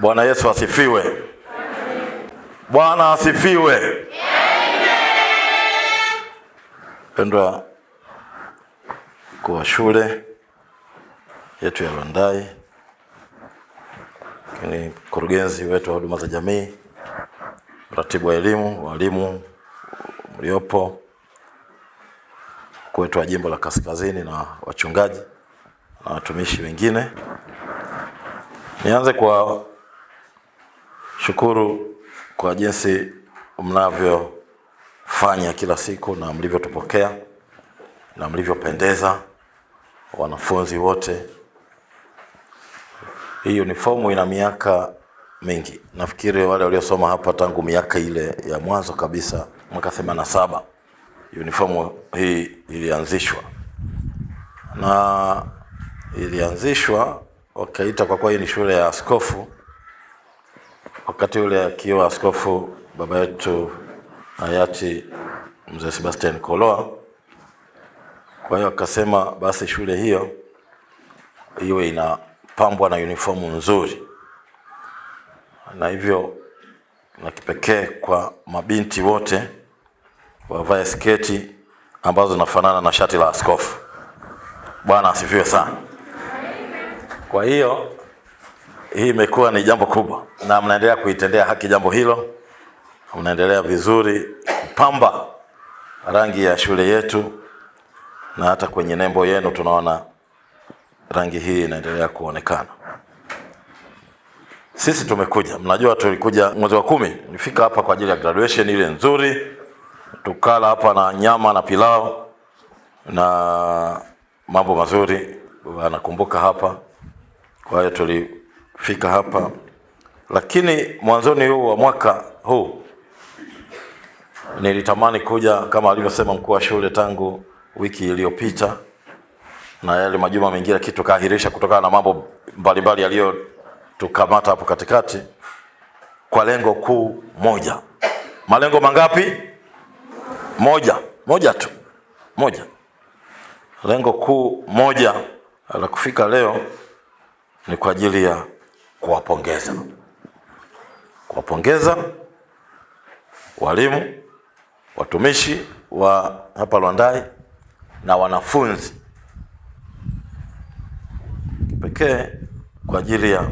Bwana Yesu asifiwe. Bwana asifiwe. Pendwa kwa shule yetu ya Lwandai, lakini mkurugenzi wetu wa huduma za jamii, mratibu wa elimu, walimu mliopo, mkuu wetu wa jimbo la Kaskazini na wachungaji na watumishi wengine, nianze kwa Shukuru kwa jinsi mnavyofanya kila siku na mlivyotupokea na mlivyopendeza wanafunzi wote. Hii uniformu ina miaka mingi, nafikiri wale waliosoma hapa tangu miaka ile ya mwanzo kabisa, mwaka themanini na saba uniformu hii ilianzishwa na ilianzishwa wakaita, kwa kuwa hii ni shule ya askofu wakati ule akiwa askofu baba yetu hayati mzee Sebastian Koloa. Kwa hiyo akasema basi shule hiyo iwe inapambwa na uniformu nzuri, na hivyo na kipekee kwa mabinti wote wavae sketi ambazo zinafanana na shati la askofu. Bwana asifiwe sana. Kwa hiyo hii imekuwa ni jambo kubwa, na mnaendelea kuitendea haki jambo hilo. Mnaendelea vizuri kupamba rangi ya shule yetu, na hata kwenye nembo yenu tunaona rangi hii inaendelea kuonekana. Sisi tumekuja, mnajua tulikuja mwezi wa kumi, nilifika hapa kwa ajili ya graduation ile nzuri, tukala hapa na nyama na pilau na mambo mazuri, wanakumbuka hapa. Kwa hiyo tuli kufika hapa, lakini mwanzoni huu wa mwaka huu nilitamani kuja kama alivyosema mkuu wa shule tangu wiki iliyopita na yale majuma mengine, lakini tukaahirisha kutokana na mambo mbalimbali yaliyotukamata hapo katikati, kwa lengo kuu moja. Malengo mangapi? Moja, moja tu, moja. Lengo kuu moja la kufika leo ni kwa ajili ya kuwapongeza, kuwapongeza walimu, watumishi wa hapa Lwandai na wanafunzi kipekee kwa ajili ya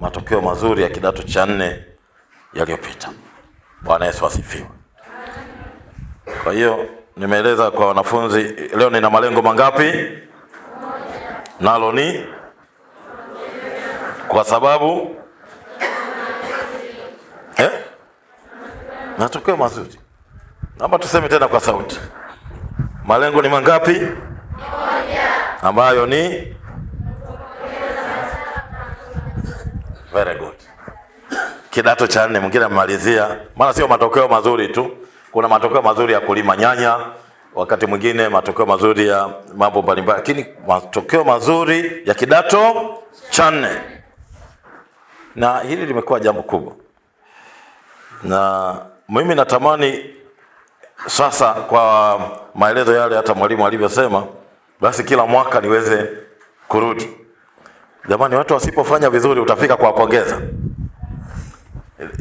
matokeo mazuri ya kidato cha nne yaliyopita. Bwana Yesu asifiwe. Kwa hiyo nimeeleza kwa wanafunzi leo nina malengo mangapi? Nalo ni kwa sababu eh? matokeo mazuri. Naomba tuseme tena kwa sauti, malengo ni mangapi? ambayo ni very good. Kidato cha nne mwingine amemalizia, maana sio matokeo mazuri tu, kuna matokeo mazuri ya kulima nyanya, wakati mwingine matokeo mazuri ya mambo mbalimbali, lakini matokeo mazuri ya kidato cha nne na hili limekuwa jambo kubwa, na mimi natamani sasa, kwa maelezo yale hata mwalimu alivyosema, basi kila mwaka niweze kurudi. Jamani, watu wasipofanya vizuri utafika kuwapongeza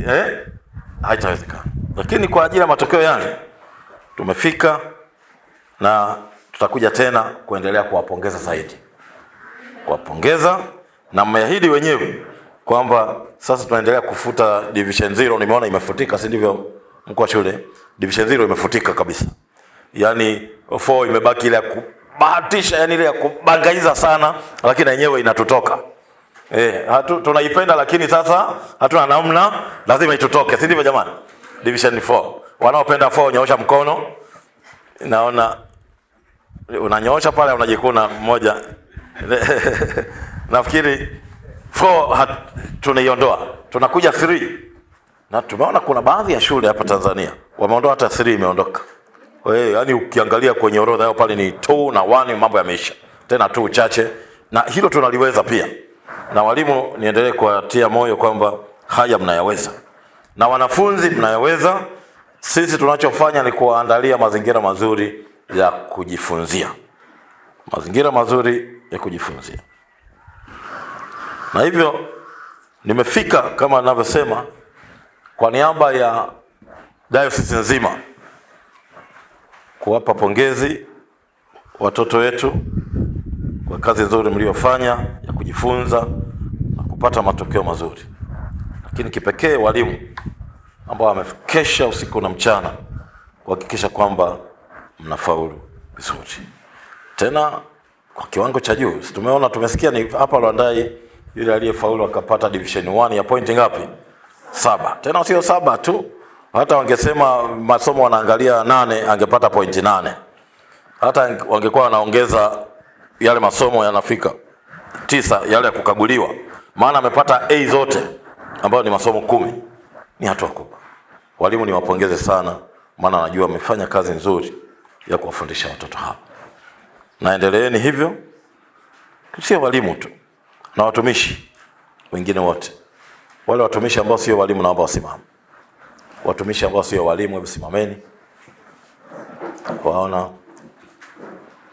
eh? Haitawezekana, lakini kwa ajili ya matokeo yale tumefika na tutakuja tena kuendelea kuwapongeza zaidi, kuwapongeza na mmeahidi wenyewe kwamba sasa tunaendelea kufuta division zero. Nimeona imefutika, si ndivyo mkuu wa shule? Division zero imefutika kabisa, yani four imebaki ile ya kubahatisha, yani ile ya kubangaiza sana, lakini yenyewe inatutoka eh, hatu tunaipenda, lakini sasa hatuna namna, lazima itutoke, si ndivyo jamani? Division 4, wanaopenda 4 nyoosha mkono, naona unanyoosha pale, unajikuna mmoja nafikiri 4 tunaiondoa, tunakuja 3 na tumeona kuna baadhi ya shule hapa Tanzania wameondoa hata 3 imeondoka. Wewe yani, ukiangalia kwenye orodha yao pale ni 2 na 1, mambo yameisha, tena tu chache, na hilo tunaliweza pia. Na walimu niendelee kuwatia moyo kwamba haya mnayaweza, na wanafunzi mnayaweza. Sisi tunachofanya ni kuwaandalia mazingira mazuri ya kujifunzia, mazingira mazuri ya kujifunzia. Na hivyo nimefika kama anavyosema kwa niaba ya dayosisi nzima kuwapa pongezi watoto wetu kwa kazi nzuri mliyofanya ya kujifunza na kupata matokeo mazuri, lakini kipekee walimu ambao wamekesha usiku na mchana kuhakikisha kwamba mnafaulu vizuri, tena kwa kiwango cha juu. Tumeona tumesikia ni hapa Lwandai yule aliyefaulu akapata division one ya pointi ngapi? Saba. Tena sio saba tu, hata wangesema masomo wanaangalia nane, angepata pointi nane. Hata wangekuwa wanaongeza yale masomo yanafika tisa, yale ya kukaguliwa, maana amepata A zote ambayo ni masomo kumi. Ni hatua kubwa. Walimu niwapongeze sana, maana najua wamefanya kazi nzuri ya kuwafundisha watoto hapa. Naendeleeni hivyo, sio walimu tu na watumishi wengine wote. Wale watumishi ambao sio walimu naomba wasimame. Watumishi ambao sio walimu hebu simameni. Waona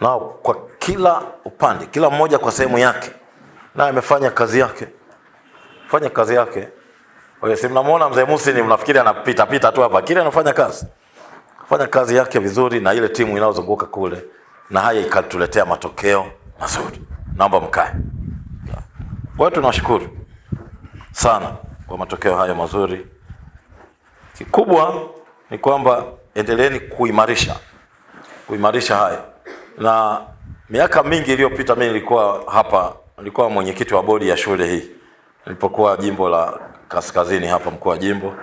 na kwa kila upande, kila mmoja kwa sehemu yake, na amefanya kazi yake, fanya kazi yake. Wewe si mnamuona mzee Musi, ni mnafikiri anapita pita tu hapa, kile anafanya kazi, fanya kazi yake vizuri, na ile timu inayozunguka kule, na haya ikatuletea matokeo mazuri. Naomba mkae. Kwa hiyo tunashukuru sana kwa matokeo hayo mazuri. Kikubwa ni kwamba endeleeni kuimarisha kuimarisha hayo, na miaka mingi iliyopita mimi nilikuwa hapa, nilikuwa mwenyekiti wa bodi ya shule hii nilipokuwa jimbo la Kaskazini hapa, mkuu wa jimbo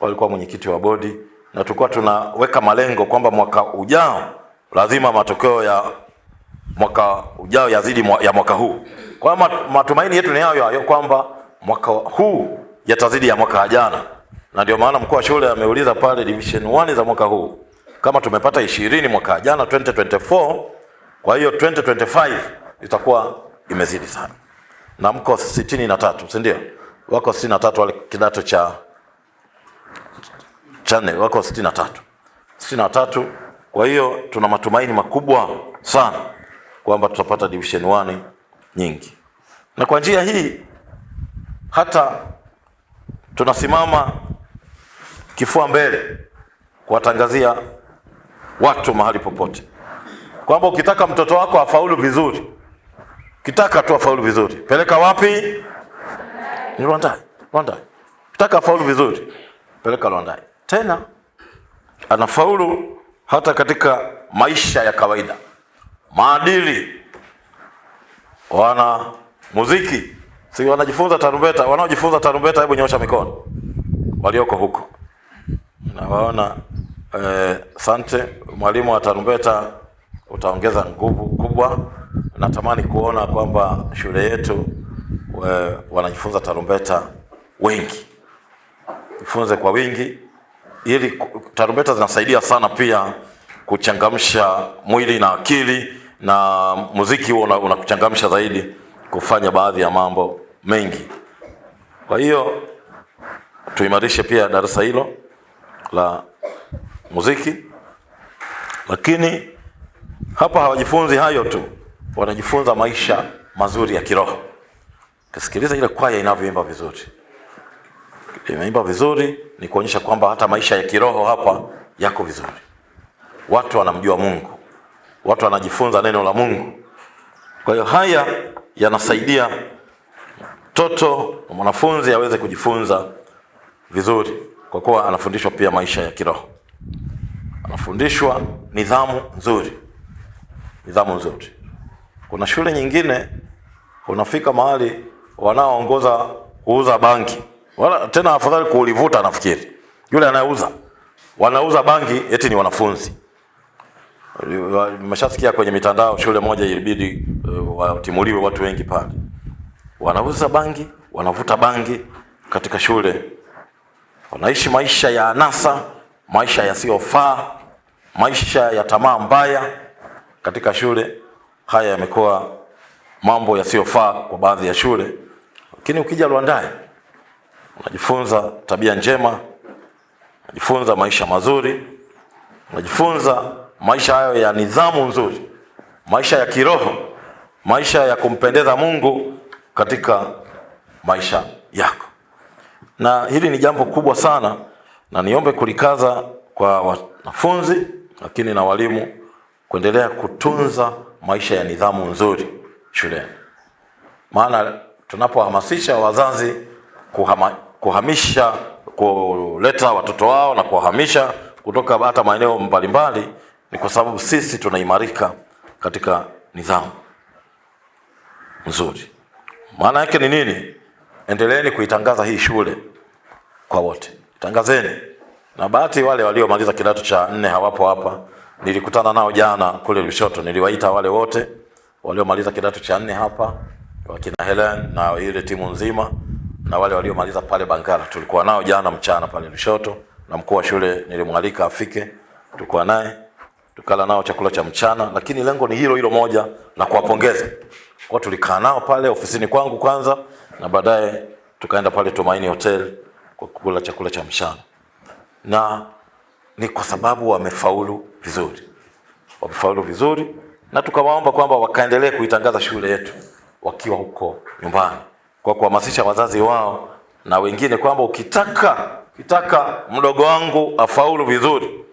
walikuwa mwenyekiti wa bodi, na tulikuwa tunaweka malengo kwamba mwaka ujao lazima matokeo ya mwaka ujao yazidi ya mwaka huu. Kwa hiyo matumaini yetu ni hayo hayo kwamba mwaka huu yatazidi ya mwaka jana, na ndio maana mkuu wa shule ameuliza pale division 1 za mwaka huu kama tumepata ishirini mwaka jana 2024, kwa hiyo 2025 itakuwa imezidi sana, na mko sitini na tatu, si ndio? Wako sitini na tatu wale kidato cha chane, wako sitini na tatu, sitini na tatu. Kwa hiyo tuna matumaini makubwa sana kwamba tutapata division one nyingi, na kwa njia hii hata tunasimama kifua mbele kuwatangazia watu mahali popote kwamba ukitaka mtoto wako afaulu vizuri, ukitaka tu afaulu vizuri, peleka wapi? Ni Rwandai. Rwandai. Ukitaka afaulu vizuri, peleka Rwandai. Tena anafaulu hata katika maisha ya kawaida maadili. Wana muziki si wanajifunza tarumbeta? Wanaojifunza tarumbeta, hebu nyosha mikono, walioko huko nawaona. Eh, sante mwalimu wa tarumbeta, utaongeza nguvu kubwa. Natamani kuona kwamba shule yetu we, eh, wanajifunza tarumbeta wengi, jifunze kwa wingi, ili tarumbeta zinasaidia sana pia kuchangamsha mwili na akili, na muziki huo unakuchangamsha una zaidi kufanya baadhi ya mambo mengi. Kwa hiyo tuimarishe pia darasa hilo la muziki, lakini hapa hawajifunzi hayo tu, wanajifunza maisha mazuri ya kiroho. Ukisikiliza ile kwaya inavyoimba vizuri, imeimba vizuri, ni kuonyesha kwamba hata maisha ya kiroho hapa yako vizuri watu wanamjua Mungu, watu wanajifunza neno la Mungu. Kwa hiyo haya yanasaidia mtoto na mwanafunzi aweze kujifunza vizuri, kwa kuwa anafundishwa pia maisha ya kiroho, anafundishwa nidhamu nzuri, nidhamu nzuri. Kuna shule nyingine unafika mahali wanaoongoza kuuza bangi, wala tena afadhali kuulivuta, nafikiri yule anayeuza wanauza bangi eti ni wanafunzi. Mmeshasikia kwenye mitandao, shule moja ilibidi uh, watimuliwe watu wengi pale, wanauza bangi, wanavuta bangi katika shule, wanaishi maisha ya anasa, maisha yasiyofaa, maisha ya tamaa mbaya katika shule. Haya yamekuwa mambo yasiyofaa kwa baadhi ya shule, lakini ukija Lwandai unajifunza tabia njema, unajifunza maisha mazuri, unajifunza maisha hayo ya nidhamu nzuri, maisha ya kiroho, maisha ya kumpendeza Mungu katika maisha yako. Na hili ni jambo kubwa sana, na niombe kulikaza kwa wanafunzi lakini na walimu kuendelea kutunza maisha ya nidhamu nzuri shuleni, maana tunapohamasisha wazazi kuhama, kuhamisha kuleta watoto wao na kuwahamisha kutoka hata maeneo mbalimbali ni kwa sababu sisi tunaimarika katika nidhamu nzuri. Maana yake ni nini? Endeleeni kuitangaza hii shule kwa wote, tangazeni. Na bahati wale waliomaliza kidato cha nne hawapo hapa, nilikutana nao jana kule Lushoto, niliwaita wale wote waliomaliza kidato cha nne hapa, wakina Helen na ile timu nzima, na wale waliomaliza pale Bangala, tulikuwa nao jana mchana pale Lushoto, na mkuu wa shule nilimwalika afike, tulikuwa naye tukala nao chakula cha mchana, lakini lengo ni hilo hilo moja la kuwapongeza. Kwa tulikaa nao pale ofisini kwangu kwanza na baadaye tukaenda pale Tumaini Hotel kwa kula chakula cha mchana, na ni kwa sababu wamefaulu vizuri, wamefaulu vizuri, na tukawaomba kwamba wakaendelee kuitangaza shule yetu wakiwa huko nyumbani, kwa kuhamasisha wazazi wao na wengine kwamba ukitaka ukitaka mdogo wangu afaulu vizuri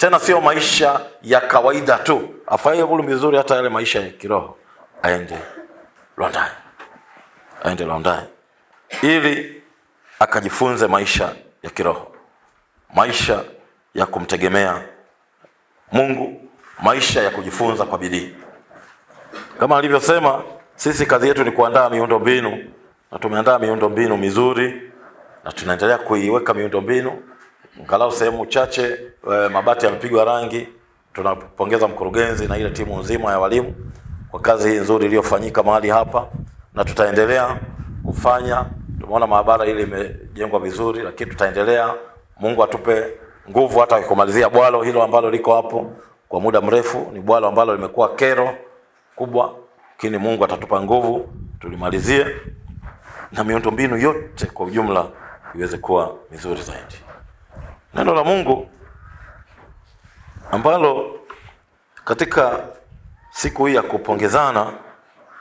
tena sio maisha ya kawaida tu, afanye bulu mizuri, hata yale maisha ya kiroho, aende Londai, aende Londai ili akajifunze maisha ya kiroho, maisha ya kumtegemea Mungu, maisha ya kujifunza kwa bidii. Kama alivyosema, sisi kazi yetu ni kuandaa miundo mbinu na tumeandaa miundo mbinu mizuri na tunaendelea kuiweka miundo mbinu Angalau sehemu chache e, mabati yamepigwa rangi. Tunapongeza mkurugenzi na ile timu nzima ya walimu kwa kazi hii nzuri iliyofanyika mahali hapa, na tutaendelea kufanya. Tumeona maabara ile imejengwa vizuri, lakini tutaendelea. Mungu atupe nguvu hata kumalizia bwalo hilo ambalo liko hapo kwa muda mrefu. Ni bwalo ambalo limekuwa kero kubwa, lakini Mungu atatupa nguvu tulimalizie, na miundombinu yote kwa ujumla iweze kuwa mizuri zaidi. Neno la Mungu ambalo katika siku hii ya kupongezana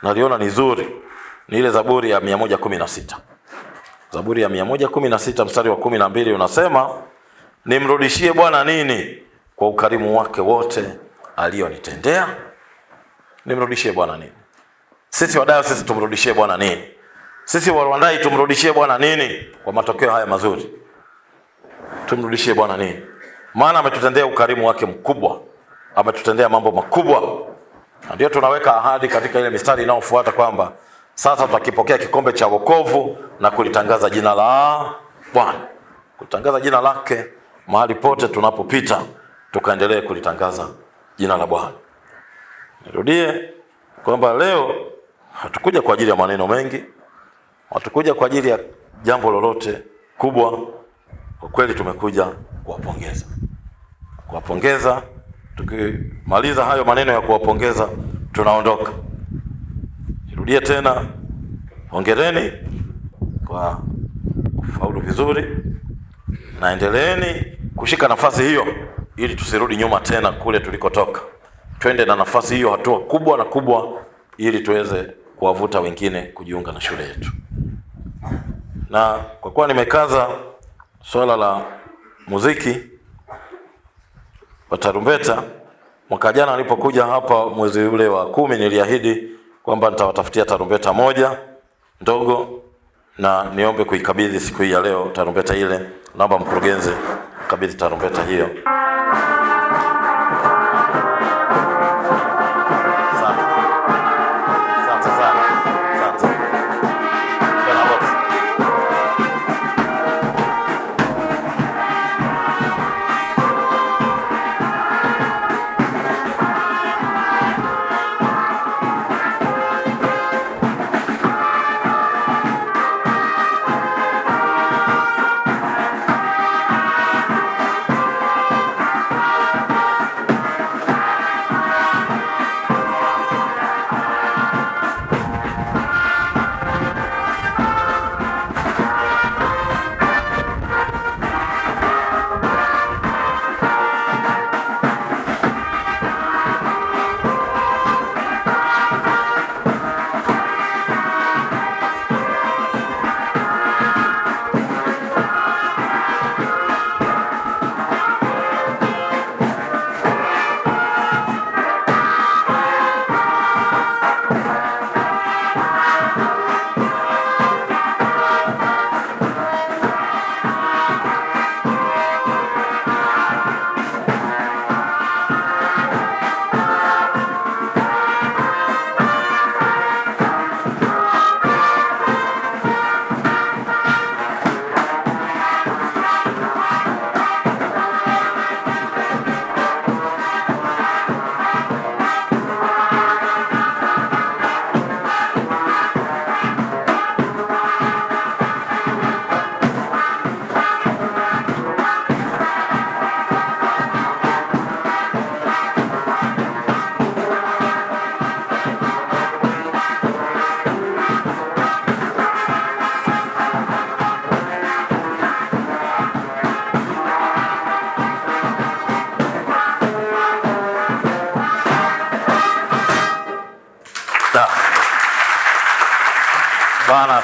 naliona ni zuri ni ile Zaburi ya 116. Zaburi ya mia mstari wa kumi na mbili unasema nimrudishie Bwana nini kwa ukarimu wake wote alionitendea. Nimrudishie Bwana nini? Sisi wadau sisi tumrudishie Bwana nini? Sisi Warwandai tumrudishie Bwana nini kwa matokeo haya mazuri? tumrudishie Bwana nini? Maana ametutendea ukarimu wake mkubwa, ametutendea mambo makubwa. Ndio tunaweka ahadi katika ile mistari inayofuata kwamba sasa tutakipokea kikombe cha wokovu na kulitangaza jina la Bwana, kutangaza jina lake mahali pote tunapopita, tukaendelee kulitangaza jina la Bwana. Nirudie kwamba leo hatukuja kwa ajili ya maneno mengi, hatukuja kwa ajili ya jambo lolote kubwa kwa kweli tumekuja kuwapongeza, kuwapongeza. Tukimaliza hayo maneno ya kuwapongeza, tunaondoka. Nirudie tena, hongereni kwa kufaulu vizuri, na endeleeni kushika nafasi hiyo ili tusirudi nyuma tena kule tulikotoka. Twende na nafasi hiyo hatua kubwa na kubwa, ili tuweze kuwavuta wengine kujiunga na shule yetu. Na kwa kuwa nimekaza swala la muziki wa tarumbeta, mwaka jana nilipokuja hapa mwezi ule wa kumi, niliahidi kwamba nitawatafutia tarumbeta moja ndogo, na niombe kuikabidhi siku hii ya leo tarumbeta ile. Naomba mkurugenzi kabidhi tarumbeta hiyo.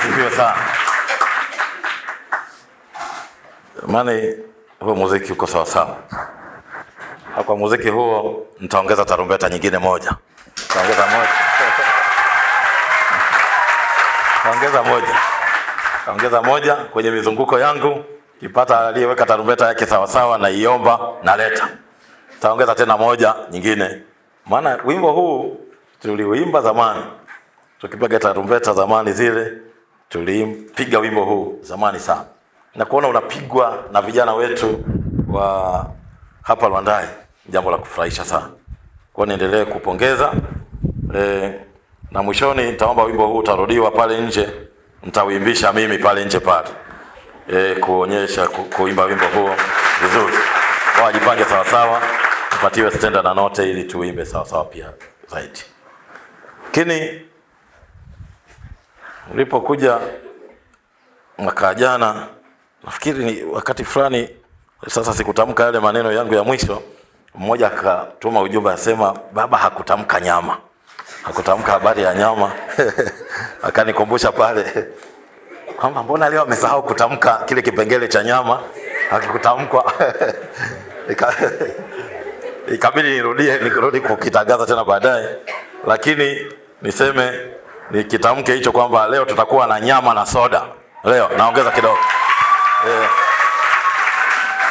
Asifiwe sana. Mane, huo muziki uko sawa sawa. Na Kwa muziki huo nitaongeza tarumbeta nyingine moja. Nitaongeza moja. Nitaongeza moja. Nitaongeza moja kwenye mizunguko yangu, kipata aliyeweka tarumbeta yake sawa sawa na iomba naleta. Nitaongeza tena moja nyingine. Maana wimbo huu tuliuimba zamani. Tukipiga tarumbeta zamani zile tulimpiga wimbo huu zamani sana, na kuona unapigwa na vijana wetu wa hapa Lwandai, jambo la kufurahisha sana. Kwa niendelee kupongeza e, na mwishoni nitaomba wimbo huu utarudiwa pale nje, nitauimbisha mimi pale nje pale e, kuonyesha ku, kuimba wimbo huo vizuri. Wajipange sawa sawa, tupatiwe standard na note ili tuimbe sawa sawa pia zaidi lakini ulipokuja mwaka jana, nafikiri ni wakati fulani, sasa sikutamka yale maneno yangu ya mwisho, mmoja akatuma ujumbe asema, baba hakutamka nyama, hakutamka habari ya nyama akanikumbusha pale kwamba mbona leo amesahau kutamka kile kipengele cha nyama akikutamkwa. Ikabidi nirudie nirudi kukitangaza tena baadaye, lakini niseme nikitamke hicho kwamba leo tutakuwa na nyama na soda leo. Naongeza kidogo eh,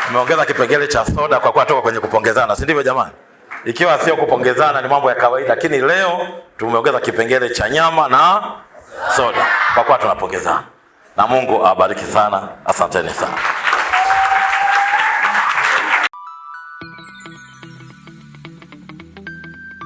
nimeongeza kipengele cha soda kwa kuwa toka kwenye kupongezana, si ndivyo jamani? Ikiwa sio kupongezana ni mambo ya kawaida, lakini leo tumeongeza kipengele cha nyama na soda kwa kuwa tunapongezana, na Mungu awabariki sana. Asanteni sana.